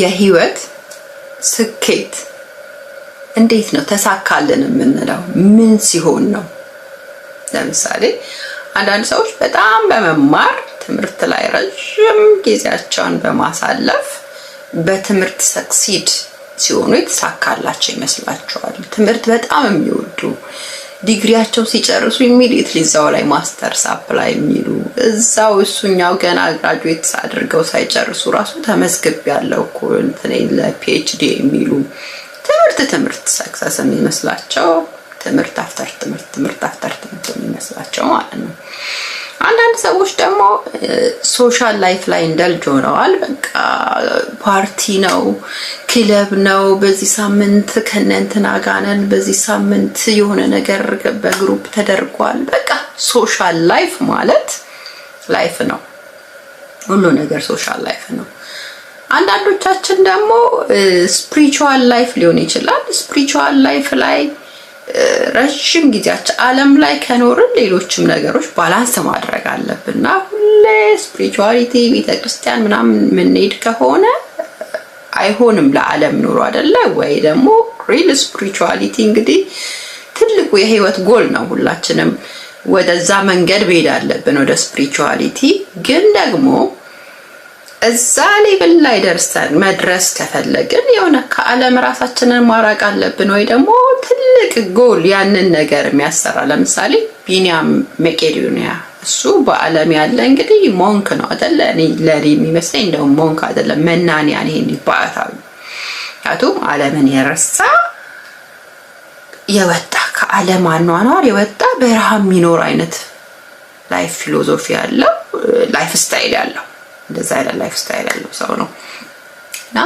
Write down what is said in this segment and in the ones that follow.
የህይወት ስኬት እንዴት ነው ተሳካልን የምንለው? ምን ሲሆን ነው? ለምሳሌ አንዳንድ ሰዎች በጣም በመማር ትምህርት ላይ ረዥም ጊዜያቸውን በማሳለፍ በትምህርት ሰክሲድ ሲሆኑ የተሳካላቸው ይመስላቸዋል። ትምህርት በጣም የሚወዱ ዲግሪያቸው ሲጨርሱ ኢሚዲየትሊ እዛው ላይ ማስተርስ አፕላይ የሚሉ እዛው እሱኛው ገና ግራጁዌት አድርገው ሳይጨርሱ ራሱ ተመዝግብ ያለው እኮ እንትኔ ለፒኤችዲ የሚሉ ትምህርት ትምህርት ሰክሰስ የሚመስላቸው ትምህርት አፍተር ትምህርት ትምህርት አፍተር ትምህርት የሚመስላቸው ማለት ነው። አንዳንድ ሰዎች ደግሞ ሶሻል ላይፍ ላይ እንደልጅ ሆነዋል። በቃ ፓርቲ ነው፣ ክለብ ነው፣ በዚህ ሳምንት ከነንትና ጋር በዚህ ሳምንት የሆነ ነገር በግሩፕ ተደርጓል። በቃ ሶሻል ላይፍ ማለት ላይፍ ነው፣ ሁሉ ነገር ሶሻል ላይፍ ነው። አንዳንዶቻችን ደግሞ ስፕሪቹዋል ላይፍ ሊሆን ይችላል። ስፕሪቹዋል ላይፍ ላይ ረዥም ጊዜያችን ዓለም ላይ ከኖርን ሌሎችም ነገሮች ባላንስ ማድረግ አለብንና ሁሌ ስፒሪቹዋሊቲ ቤተክርስቲያን ምናምን የምንሄድ ከሆነ አይሆንም። ለዓለም ኑሮ አይደለ ወይ? ደግሞ ሪል ስፒሪቹዋሊቲ እንግዲህ ትልቁ የህይወት ጎል ነው። ሁላችንም ወደዛ መንገድ መሄድ አለብን፣ ወደ ስፒሪቹዋሊቲ ግን ደግሞ እዛ ሌብል ላይ ደርሰን መድረስ ከፈለግን የሆነ ከዓለም ራሳችንን ማራቅ አለብን፣ ወይ ደግሞ ትልቅ ጎል ያንን ነገር የሚያሰራ ለምሳሌ ቢኒያም መቄዶኒያ እሱ በዓለም ያለ እንግዲህ ሞንክ ነው አይደለ? ለእኔ የሚመስለኝ እንደውም ሞንክ አይደለም መናንያን ይሄን ይባታሉ። ምክንያቱም ዓለምን የረሳ የወጣ ከዓለም አኗኗር የወጣ በረሃ የሚኖር አይነት ላይፍ ፊሎዞፊ ያለው ላይፍ ስታይል ያለው እንደዛ አይነት ላይፍ ስታይል ያለው ሰው ነው እና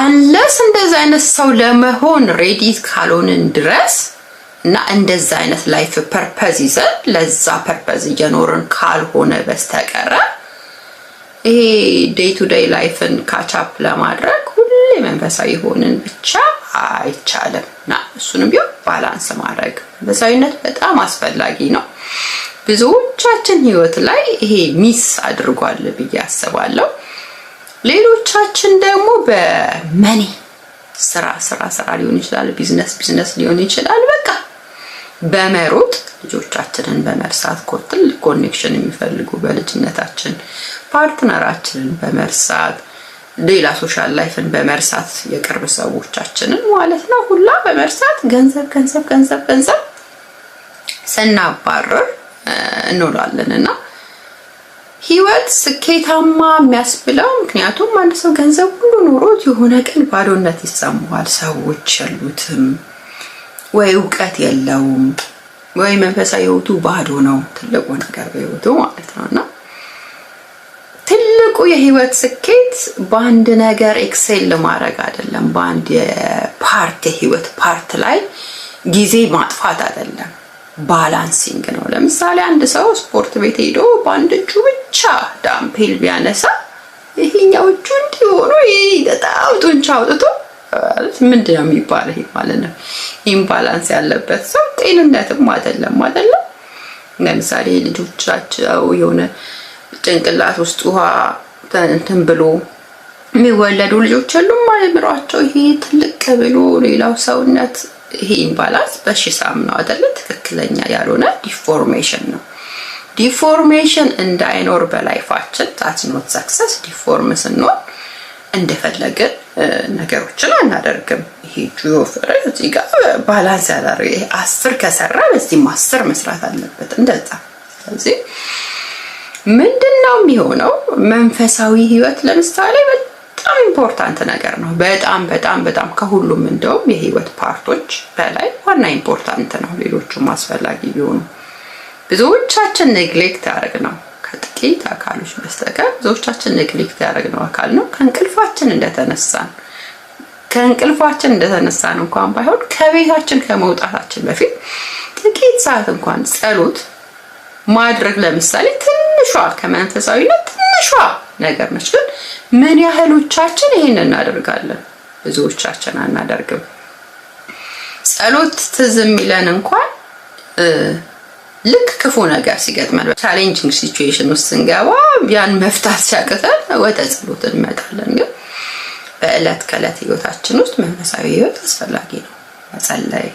አንለስ እንደዛ አይነት ሰው ለመሆን ሬዲ ካልሆንን ድረስ እና እንደዛ አይነት ላይፍ ፐርፐዝ ይዘን ለዛ ፐርፐዝ እየኖርን ካልሆነ በስተቀረ ይሄ ዴይ ቱ ዴይ ላይፍን ካቻፕ ለማድረግ ሁሌ መንፈሳዊ ሆንን ብቻ አይቻልም እና እሱንም ቢሆን ባላንስ ማድረግ መንፈሳዊነት በጣም አስፈላጊ ነው። ብዙዎቻችን ህይወት ላይ ይሄ ሚስ አድርጓል ብዬ አስባለሁ። ሌሎቻችን ደግሞ በመኔ ስራ ስራ ስራ ሊሆን ይችላል፣ ቢዝነስ ቢዝነስ ሊሆን ይችላል። በቃ በመሮጥ ልጆቻችንን በመርሳት እኮ ትልቅ ኮኔክሽን የሚፈልጉ በልጅነታችን ፓርትነራችንን በመርሳት ሌላ ሶሻል ላይፍን በመርሳት የቅርብ ሰዎቻችንን ማለት ነው ሁላ በመርሳት ገንዘብ ገንዘብ ገንዘብ ገንዘብ ስናባረር እንውላለን እና ህይወት ስኬታማ የሚያስብለው ምክንያቱም አንድ ሰው ገንዘብ ሁሉ ኖሮት የሆነ ቀን ባዶነት ይሰማዋል። ሰዎች ያሉትም ወይ እውቀት የለውም ወይ መንፈሳዊ ህይወቱ ባዶ ነው። ትልቁ ነገር በህይወቱ ማለት ነው እና ትልቁ የህይወት ስኬት በአንድ ነገር ኤክሴል ለማድረግ አይደለም። በአንድ የፓርት የህይወት ፓርት ላይ ጊዜ ማጥፋት አይደለም። ባላንሲንግ ነው። ለምሳሌ አንድ ሰው ስፖርት ቤት ሄዶ በአንድ እጁ ብቻ ዳምፔል ቢያነሳ ይሄኛው እጁ እንዲሆኑ ሆኖ ይሄ በጣም ጡንቻ አውጥቶ ምንድን ነው የሚባለው? ይሄ ማለት ነው ኢምባላንስ ያለበት ሰው ጤንነትም አይደለም አይደለም። ለምሳሌ ልጆቻቸው የሆነ ጭንቅላት ውስጥ ውሃ እንትን ብሎ የሚወለዱ ልጆች የሉም ማለት ይሄ ትልቅ ብሎ ሌላው ሰውነት ይሄ ኢምባላንስ በሽሳም ነው አይደለ? ትክክለኛ ያልሆነ ዲፎርሜሽን ነው። ዲፎርሜሽን እንዳይኖር በላይፋችን ታትኖት ሰክሰስ ዲፎርም ስንሆን እንደፈለግን ነገሮችን አናደርግም። ይሄ ጂኦፍር እዚህ ጋር ባላንስ ያላደረገ ይሄ አስር ከሰራ በዚህም አስር መስራት አለበት እንደዛ። ስለዚህ ምንድነው የሚሆነው መንፈሳዊ ህይወት ለምሳሌ በጣም ኢምፖርታንት ነገር ነው። በጣም በጣም በጣም ከሁሉም እንደውም የህይወት ፓርቶች በላይ ዋና ኢምፖርታንት ነው። ሌሎቹም አስፈላጊ ቢሆኑ ብዙዎቻችን ኔግሌክት ያደርግ ነው ከጥቂት አካሎች በስተቀር ብዙዎቻችን ኔግሌክት ያደርግ ነው አካል ነው። ከእንቅልፋችን እንደተነሳን ከእንቅልፋችን እንደተነሳን እንኳን ባይሆን ከቤታችን ከመውጣታችን በፊት ጥቂት ሰዓት እንኳን ጸሎት ማድረግ ለምሳሌ ትንሿ ከመንፈሳዊነት ትንሿ ነገር ነች። ግን ምን ያህሎቻችን ይህን እናደርጋለን? ብዙዎቻችን አናደርግም። ጸሎት ትዝ የሚለን እንኳን ልክ ክፉ ነገር ሲገጥመን ቻሌንጂንግ ሲቹዌሽን ውስጥ ስንገባ ያን መፍታት ሲያቅተን ወደ ጸሎት እንመጣለን። ግን በእለት ከእለት ህይወታችን ውስጥ መንፈሳዊ ህይወት አስፈላጊ ነው። መጸለይ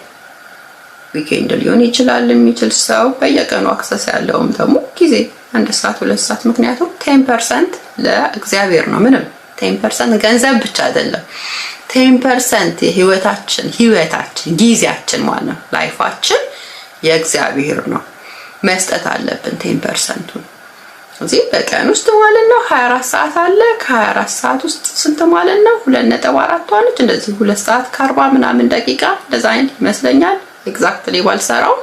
ዊኬንድ ሊሆን ይችላል የሚችል ሰው በየቀኑ አክሰስ ያለውም ደግሞ ጊዜ አንድ ሰዓት ሁለት ሰዓት። ምክንያቱም ቴን ፐርሰንት ለእግዚአብሔር ነው። ምንም ቴን ፐርሰንት ገንዘብ ብቻ አይደለም። ቴን ፐርሰንት የህይወታችን ህይወታችን ጊዜያችን ማለት ነው ላይፋችን የእግዚአብሔር ነው። መስጠት አለብን ቴን ፐርሰንቱን። እዚህ በቀን ውስጥ ማለት ነው 24 ሰዓት አለ። ከ24 ሰዓት ውስጥ ስንት ማለት ነው? 2.4 ዋለች። እንደዚህ 2 ሰዓት ከ40 ምናምን ደቂቃ እንደዛ አይነት ይመስለኛል። ኤግዛክትሊ ባልሰራው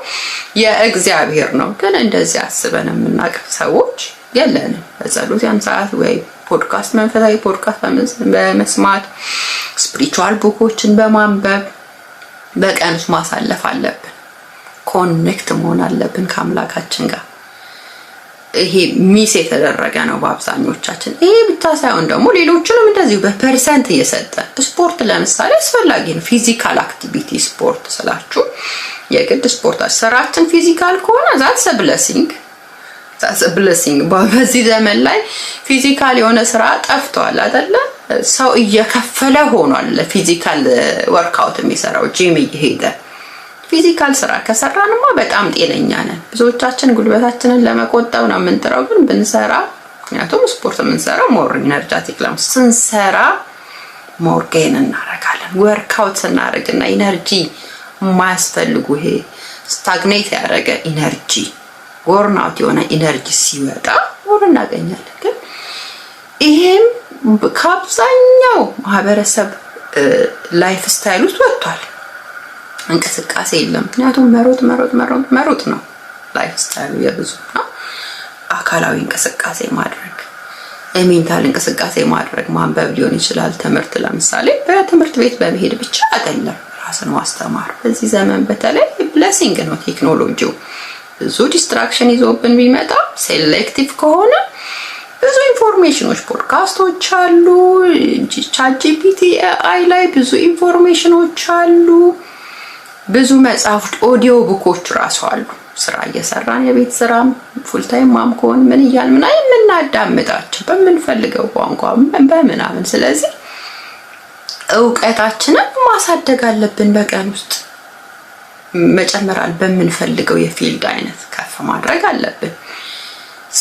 የእግዚአብሔር ነው። ግን እንደዚህ አስበን የምናቅፍ ሰዎች የለንም። በጸሎት ያን ሰዓት ወይ ፖድካስት፣ መንፈሳዊ ፖድካስት በመስማት ስፒሪቹዋል ቡኮችን በማንበብ በቀን ውስጥ ማሳለፍ አለብን። ኮኔክት መሆን አለብን ከአምላካችን ጋር። ይሄ ሚስ የተደረገ ነው በአብዛኞቻችን። ይሄ ብቻ ሳይሆን ደግሞ ሌሎችንም እንደዚሁ በፐርሰንት እየሰጠ ስፖርት ለምሳሌ አስፈላጊ ነው። ፊዚካል አክቲቪቲ ስፖርት ስላችሁ የግድ ስፖርት ስራችን ፊዚካል ከሆነ ዛትስ ብለሲንግ ዛትስ ብለሲንግ። በዚህ ዘመን ላይ ፊዚካል የሆነ ስራ ጠፍቷል አይደለ? ሰው እየከፈለ ሆኗል ለፊዚካል ወርክአውት የሚሰራው ጂም እየሄደ ፊዚካል ስራ ከሰራንማ በጣም ጤነኛ ነን። ብዙዎቻችን ጉልበታችንን ለመቆጠብ ነው የምንጥረው፣ ግን ብንሰራ ምክንያቱም ስፖርት የምንሰራ ሞር ኢነርጃቲክ ለም ስንሰራ ሞር ጌን እናረጋለን። ወርካውት ስናደርግና ኢነርጂ የማያስፈልጉ ይሄ ስታግኔት ያደረገ ኢነርጂ ጎርናውት የሆነ ኢነርጂ ሲወጣ ሞር እናገኛለን። ግን ይሄም ከአብዛኛው ማህበረሰብ ላይፍ ስታይል ውስጥ ወጥቷል። እንቅስቃሴ የለም። ምክንያቱም መሮጥ መሮጥ መሮጥ መሮጥ ነው ላይፍ ስታይሉ የብዙ ነው። አካላዊ እንቅስቃሴ ማድረግ ሜንታል እንቅስቃሴ ማድረግ ማንበብ ሊሆን ይችላል። ትምህርት ለምሳሌ በትምህርት ቤት በመሄድ ብቻ አይደለም ራስን ማስተማር። በዚህ ዘመን በተለይ ብለሲንግ ነው ቴክኖሎጂው። ብዙ ዲስትራክሽን ይዞብን ቢመጣ ሴሌክቲቭ ከሆነ ብዙ ኢንፎርሜሽኖች ፖድካስቶች አሉ፣ ቻት ጂፒቲ አይ ላይ ብዙ ኢንፎርሜሽኖች አሉ። ብዙ መጽሐፍት ኦዲዮ ቡኮች ራሱ አሉ። ስራ እየሰራን የቤት ስራም ፉልታይም ማም ከሆን ምን እያል ምና የምናዳምጣቸው በምንፈልገው ቋንቋ በምናምን። ስለዚህ እውቀታችንን ማሳደግ አለብን። በቀን ውስጥ መጨመራል በምንፈልገው የፊልድ አይነት ከፍ ማድረግ አለብን።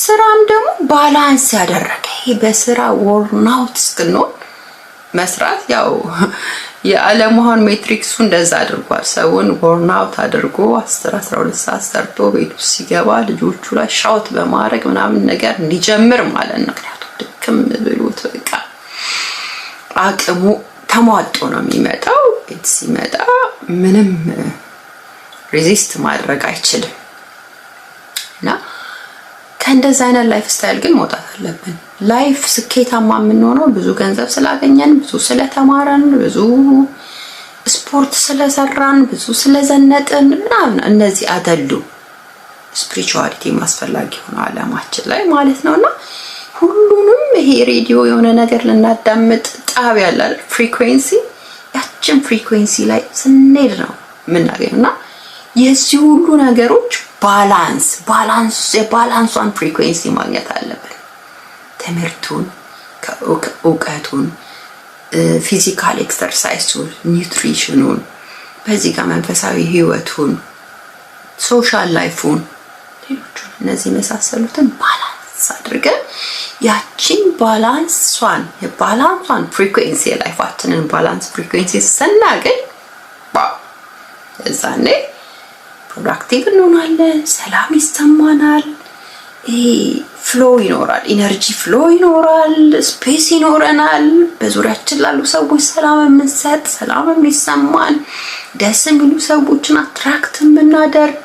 ስራም ደግሞ ባላንስ ያደረገ በስራ ወርናውት እስክንሆን መስራት ያው የዓለሙሃን ሜትሪክሱ እንደዛ አድርጓል። ሰውን ቦርናውት አድርጎ 10 12 ሰዓት ሰርቶ ቤቱ ሲገባ ልጆቹ ላይ ሻውት በማድረግ ምናምን ነገር እንዲጀምር ማለት ነው። ምክንያቱም ድክም ብሎት በቃ አቅሙ ተሟጦ ነው የሚመጣው። ቤት ሲመጣ ምንም ሬዚስት ማድረግ አይችልም እና ከእንደዛ አይነት ላይፍ ስታይል ግን መውጣት አለብን። ላይፍ ስኬታማ የምንሆነው ብዙ ገንዘብ ስላገኘን፣ ብዙ ስለተማረን፣ ብዙ ስፖርት ስለሰራን፣ ብዙ ስለዘነጥን ምናምን እነዚህ አደሉ ስፒሪቹዋሊቲ ማስፈላጊ ሆነ አለማችን ላይ ማለት ነውና ሁሉንም ይሄ ሬዲዮ የሆነ ነገር ልናዳምጥ ጣብ ያላል ፍሪኩዌንሲ ያችን ፍሪኩዌንሲ ላይ ስንሄድ ነው የምናገኘው እና የዚህ ሁሉ ነገሮች ባላንስ ባላንስ የባላንሷን ፍሪኩዌንሲ ማግኘት አለብን። ትምህርቱን እውቀቱን፣ ፊዚካል ኤክሰርሳይሱን፣ ኒውትሪሽኑን በዚህ ጋር መንፈሳዊ ህይወቱን፣ ሶሻል ላይፉን፣ ሌሎቹ እነዚህ የመሳሰሉትን ባላንስ አድርገን ያቺን ባላንሷን የባላንሷን ፍሪኩዌንሲ የላይፋችንን ባላንስ ፍሪኩዌንሲ ስናገኝ እዛኔ ፕሮዳክቲቭ እንሆናለን፣ ሰላም ይሰማናል። ይሄ ፍሎ ይኖራል፣ ኢነርጂ ፍሎ ይኖራል፣ ስፔስ ይኖረናል። በዙሪያችን ላሉ ሰዎች ሰላም የምንሰጥ ሰላም የሚሰማን ደስ የሚሉ ሰዎችን አትራክት የምናደርግ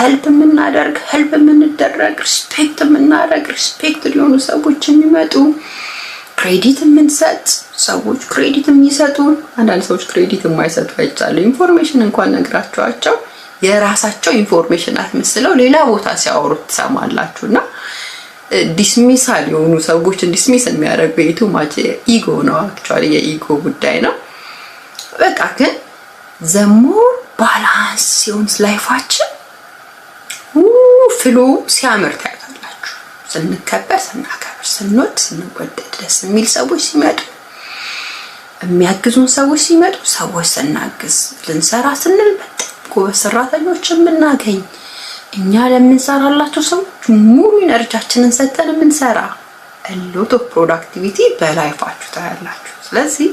ሄልፕ የምናደርግ ሄልፕ የምንደረግ ሪስፔክት የምናደርግ ሪስፔክት ሊሆኑ ሰዎች የሚመጡ ክሬዲት የምንሰጥ ሰዎች ክሬዲት የሚሰጡን አንዳንድ ሰዎች ክሬዲት የማይሰጡ አይቻሉ ኢንፎርሜሽን እንኳን ነግራቸዋቸው የራሳቸው ኢንፎርሜሽን አስመስለው ሌላ ቦታ ሲያወሩ ትሰማላችሁ። እና ዲስሚሳል የሆኑ ሰዎችን ዲስሚስ የሚያደርግ ቤቱ ማች ኢጎ ነው። አክቹዋሊ የኢጎ ጉዳይ ነው። በቃ ግን ዘሞር ባላንስ ሲሆን ላይፋችን ፍሎ ሲያምር ታያታላችሁ። ስንከበር፣ ስናከብር፣ ስንወድ፣ ስንወደድ ደስ የሚል ሰዎች ሲመጡ የሚያግዙን ሰዎች ሲመጡ ሰዎች ስናግዝ ልንሰራ ስንል ጎበዝ ሰራተኞች የምናገኝ እኛ ለምንሰራላቸው ሰዎች ሙሉ ኢነርጂያችንን ሰጠን የምንሰራ ሎት ኦፍ ፕሮዳክቲቪቲ በላይፋችሁ ታያላችሁ። ስለዚህ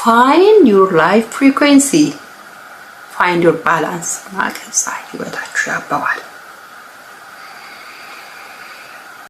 ፋይንድ ዮር ላይፍ ፍሪኩዌንሲ ፋይንድ ዮር ባላንስ እና ህይወታችሁ ያበባል።